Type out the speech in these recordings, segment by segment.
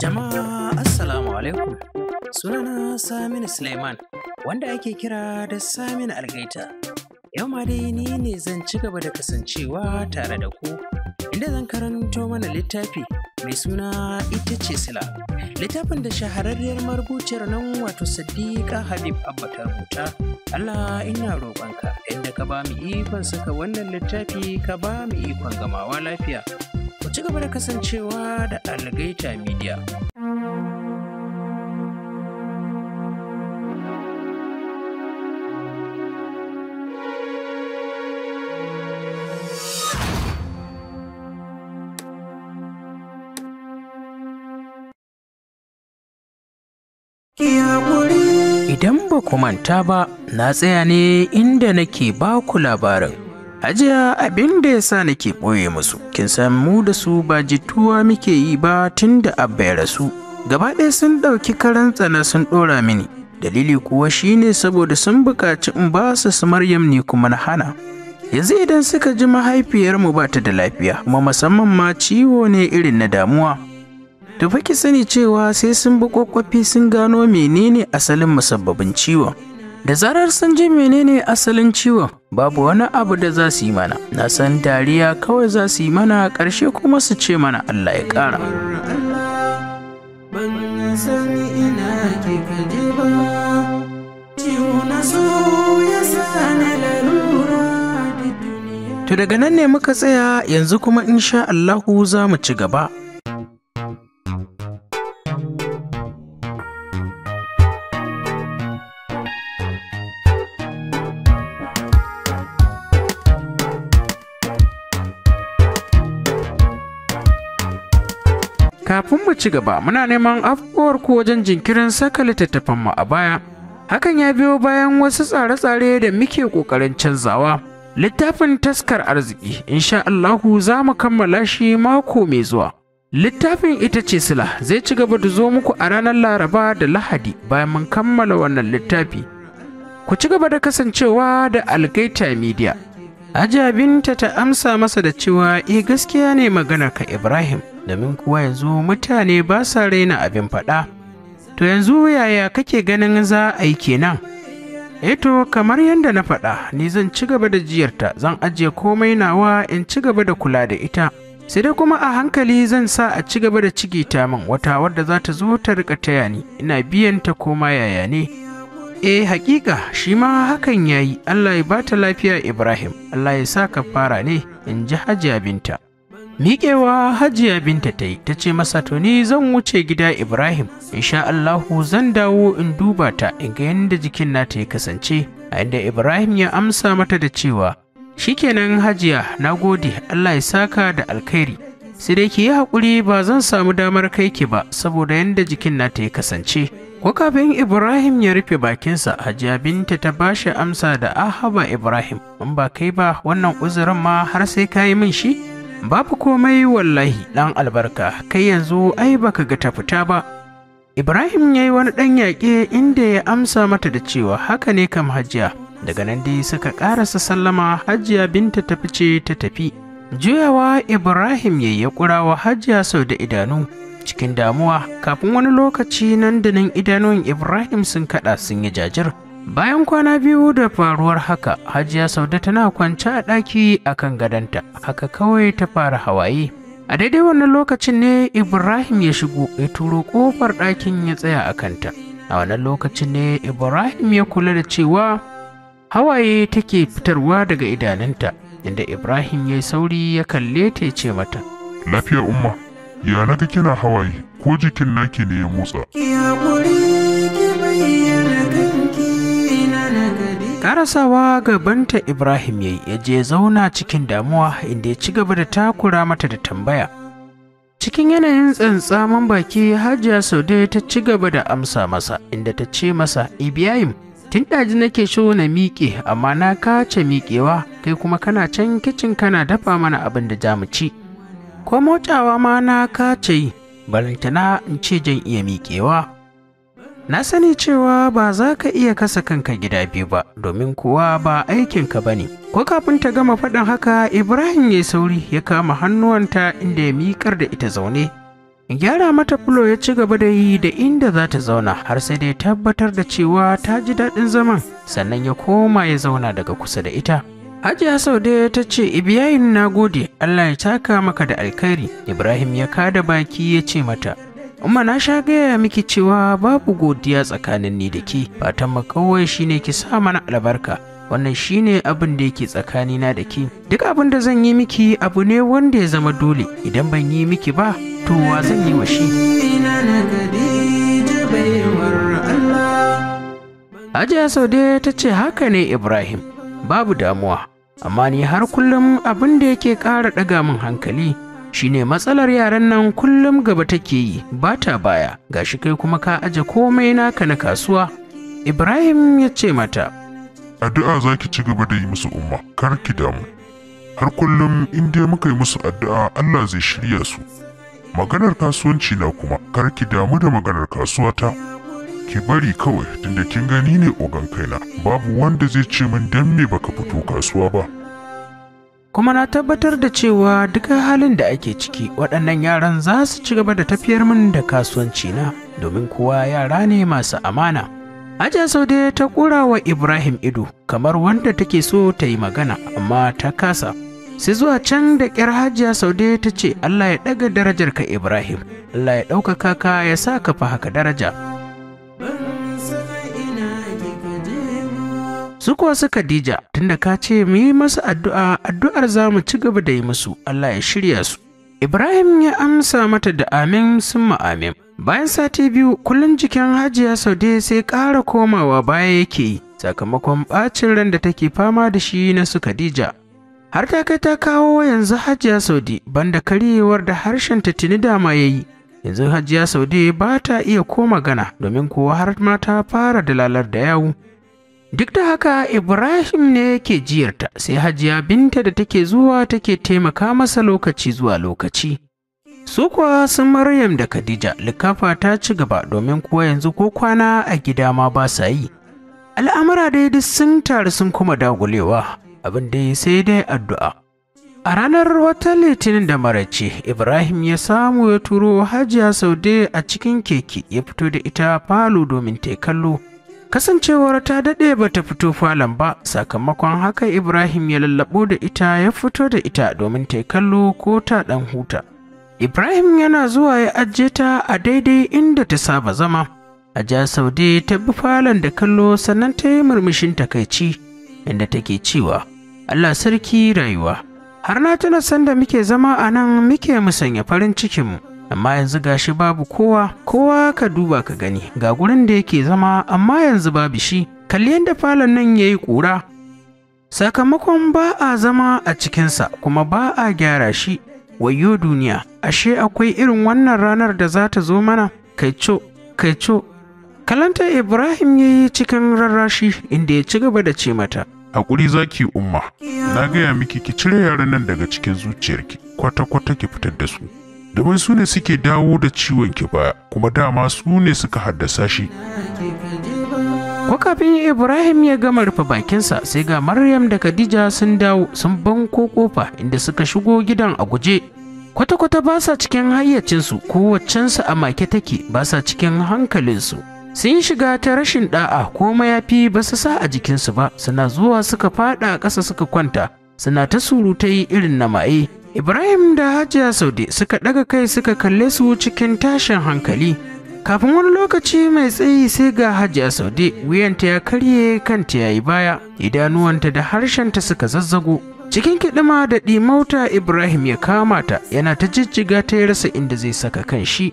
Jama'a Assalamu alaikum. Sunana Saminu Suleiman wanda ake kira da Saminu Algaita. Yau ma dai ni ne zan ci gaba da kasancewa tare da ku inda zan karanto mana littafi mai suna ita ce sila. Littafin da shahararriyar marubuciyar nan wato Sadiqa Habib Abba ta rubuta. Allah ina roƙonka inda ka ba mu ikon saka wannan littafi ka ba mu ikon gamawa lafiya. ci gaba da kasancewa da algaita media Idan ba ku manta ba, na tsaya ne inda nake baku ku labarin ajiya abin da ya sa nake ɓoye musu, kin san mu da su ba jituwa muke yi ba tun da abba ya rasu. Gaba ɗaya sun ɗauki karan tsana sun ɗora mini, dalili kuwa shine saboda sun buƙaci in ba su su Maryam ne kuma na hana. Yanzu idan suka ji mahaifiyarmu ba ta da lafiya, kuma musamman ma ciwo ne irin na damuwa. Da ki sani cewa sai sun bi kwakwafi sun gano menene asalin musabbabin ciwon. Da zarar sun ji menene asalin ciwon, babu wani abu da za su yi mana na san dariya kawai za su yi mana ƙarshe kuma su ce mana Allah ya ƙara To daga nan ne muka tsaya yanzu kuma insha Allahu za mu ci gaba. Kafin mu ci gaba muna neman afkowar ku wajen jinkirin saka littattafan mu a baya. Hakan ya biyo bayan wasu tsare-tsare da muke ƙoƙarin canzawa. Littafin taskar arziki, insha Allahu za mu kammala shi mako mai zuwa. Littafin ita ce sila zai ci gaba da zo muku a ranar Laraba da Lahadi bayan mun kammala wannan littafi. Ku ci gaba da kasancewa da Algaita Media. Ajabinta ta amsa masa da cewa e gaskiya ne maganar ka Ibrahim domin kuwa yanzu mutane ba sa raina abin faɗa. To yanzu yaya kake ganin za a yi kenan? Eto eh kamar yadda na faɗa ni zan ci gaba da jiyarta zan ajiye komai nawa in ci gaba da kula da ita. sai da kuma a hankali zan sa a ci gaba da ciki ta min wata wadda za ta zo ta rika taya ni ina biyan ta koma yaya ne eh hakika shi ma hakan ya yi allah ya bata lafiya ibrahim allah ya sa ka fara ne in ji hajiya binta miƙewa hajiya binta ta yi ta ce masa to ni zan wuce gida ibrahim insha allahu zan dawo in duba ta in ga yadda jikin nata ya kasance a inda ibrahim ya amsa mata da cewa shi shikenan hajiya na gode allah ya saka da alkhairi sai dai ki yi haƙuri ba zan samu damar kai ki ba saboda yadda jikin nata ya kasance Ko kafin Ibrahim ya rufe bakinsa, Hajiya Binta ta bashi amsa da ahaba ah, Ibrahim, in ba kai ba wannan uzurin ma har sai ka yi min shi? Babu komai wallahi ɗan albarka, kai yanzu ai baka ga ta fita ba. Ibrahim ya yi wani ɗan yaƙe inda ya amsa mata da cewa haka ne kam hajiya. Daga nan dai suka ƙarasa sallama hajiya Binta ta fice ta tafi. Juyawa Ibrahim ya yi ya ƙurawa hajiya sau da idanu. cikin damuwa kafin wani lokaci nan da nan idanun ibrahim sun kada sun yi jajir bayan kwana biyu da faruwar haka hajiya sauda tana kwance a ɗaki a kan gadonta haka kawai ta fara hawaye a daidai wannan lokacin ne ibrahim ya shigo ya turo ƙofar ɗakin ya tsaya a kanta a wannan lokacin ne ibrahim ya kula da cewa hawaye take fitarwa daga idanunta inda ibrahim ya yi sauri ya kalle ta ce mata Lafiyar umma Ya naga kina hawaye ko jikin naki ne ya motsa. Karasawa gabanta Ibrahim yayi ya je zauna cikin damuwa inda ya ci gaba da takura mata da tambaya. Cikin yanayin tsantsaman baki Hajiya Saude ta ci gaba da amsa masa inda ta ce masa Ibrahim tun ɗaji nake so na miƙe amma na kace miƙewa kai kuma kana can kicin kana dafa mana abin da za ci. ko motsawa ma na kace balantana in ce jan iya miƙewa na sani cewa ba za ka iya kasa kanka gida biyu ba domin kuwa ba aikinka ba ne ko kafin ta gama faɗin haka ibrahim ya sauri ya kama hannuwanta inda ya miƙar da ita zaune gyara mata fulo ya ci gaba da yi da inda za ta zauna har sai da ya tabbatar da cewa ta ji daɗin zaman sannan ya koma ya zauna daga kusa da ita Hajiya Saude ta ce Ibiyayin na gode Allah ya taka maka da alkhairi Ibrahim ya kada baki ya ce mata Umma na sha gaya miki cewa babu godiya tsakanin ni da ki fatan mu kawai shine ki sa mana albarka wannan shine abin da yake tsakanina da ki duk abin da zan yi miki abu ne wanda ya zama dole idan ban yi miki ba to wa zan yi wa shi Hajiya Saude ta ce haka ne Ibrahim babu damuwa amma ni har kullum abin da yake ƙara ɗaga min hankali shine matsalar yaran nan kullum gaba take yi ba ta baya gashi kai kuma ka aje komai naka na kasuwa ibrahim ya ce mata addu'a za ki ci gaba da yi musu umma kar ki damu har kullum inda muka yi musu addu'a allah zai shirya su maganar kasuwanci na kuma kar ki damu da maganar kasuwata ki bari kawai tunda kin gani ne ogan kaina babu wanda zai ce min dan me baka fito kasuwa ba kuma na tabbatar da cewa duk halin da ake ciki waɗannan yaran za su ci gaba da tafiyar min da kasuwanci na domin kuwa yara ne masu amana Ajiya Saude ta ƙura wa Ibrahim ido kamar wanda take so ta yi magana amma ta kasa. Sai zuwa can da ƙyar Hajiya Saude ta ce Allah ya ɗaga darajarka Ibrahim, Allah ya ɗaukaka ka ya sa ka fi haka daraja. su kuwa su Khadija tunda ka ce mu yi masu addu'a addu'ar za mu ci gaba da yi musu Allah ya shirya su Ibrahim ya amsa mata da amin summa amin bayan sati biyu kullum jikin Hajiya Saude sai ƙara komawa baya yake yi sakamakon ɓacin ran da take fama da shi na su Khadija har ta kai ta kawo yanzu Hajiya Saude banda karyewar da harshen ta tuni dama yayi yanzu Hajiya Saude ba ta iya ko magana domin kuwa har ma ta fara dalalar da yawu Duk da haka Ibrahim ne yake jiyarta sai hajiya binta da take zuwa take taimaka masa lokaci zuwa lokaci. Su kuwa sun Maryam da Khadija likafa ta ci gaba domin kuwa yanzu ko kwana a gida ma ba sa yi. Al'amura dai duk sun taru sun kuma dagulewa abin dai sai dai addu'a. A ranar wata litinin da marace, Ibrahim ya samu ya turo hajiya Saude a cikin keke ya fito da ita falo domin ta kallo. kasancewar ta daɗe ba ta fito falon ba sakamakon haka ibrahim ya lallabo da ita ya fito da ita domin ta kallo ko ta ɗan huta ibrahim yana zuwa ya ajiye ta a daidai inda ta saba zama a ja saude ta bi falon da kallo sannan ta yi murmushin takaici inda take cewa allah sarki rayuwa har na tuna sanda muke zama a nan muke musanya farin cikinmu amma yanzu gashi babu kowa kowa ka duba ka gani ga gurin da yake zama amma yanzu babu shi kalli yadda falon nan ya yi ƙura sakamakon ba a zama a cikinsa kuma ba a gyara shi wayo duniya ashe akwai irin wannan ranar da za ta zo mana kai kaico kalanta ibrahim ya yi cikin rarrashi inda ya ci gaba da ce mata hakuri zaki umma na gaya miki ki cire yaran nan daga cikin zuciyarki kwata-kwata ki fitar da su domin su ne suke dawo da ciwon ki ba kuma dama su ne suka haddasa shi ko kafin ibrahim ya gama rufe bakinsa sai ga maryam da khadija sun dawo sun banko kofa inda suka shigo gidan a guje kwata-kwata ba sa cikin hayyacinsu kowaccensu a make take ba sa cikin hankalinsu sun shiga ta rashin da'a ko mayafi ba su sa a jikinsu ba suna zuwa suka fada ƙasa suka kwanta suna ta surutai irin na mae. Ibrahim da Hajiya Saude suka ɗaga kai suka kalle su cikin tashin hankali. Kafin wani lokaci mai tsayi sai ga Hajiya Saude wuyanta ya karye kanta ya yi baya, idanuwanta da harshenta suka zazzago. Cikin kiɗima da ɗimauta Ibrahim ya kama ta yana ta jijjiga ta ya rasa inda zai saka kan shi.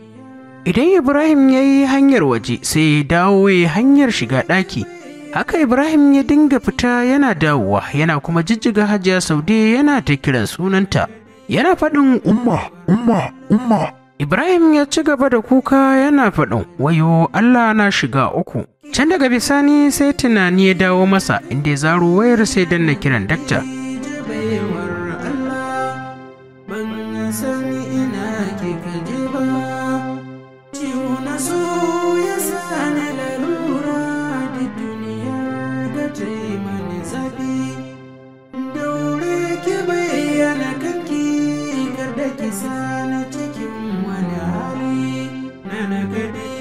Idan Ibrahim ya yi hanyar waje sai ya dawo ya hanyar shiga ɗaki. Haka Ibrahim ya dinga fita yana dawowa yana kuma jijjiga Hajiya Saude yana ta kiran sunanta. yana faɗin umma umma umma Ibrahim ya ci gaba da kuka yana faɗin wayo Allah na shiga uku. Can daga bisani sai tunani ya dawo masa inda ya zaro wayar sai danna kiran dakta. isa na cikin wani hali na nagari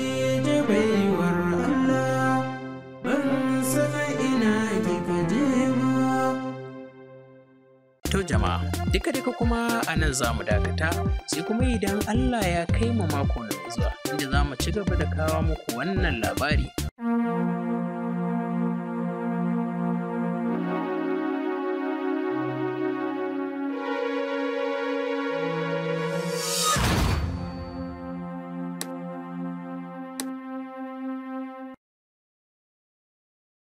ta Allah ban sana ina kika je ba. To jama'a, duka duka kuma a nan za mu dakata sai kuma idan Allah ya kai mu mako na zuwa inda za mu ci gaba da kawo muku wannan labari.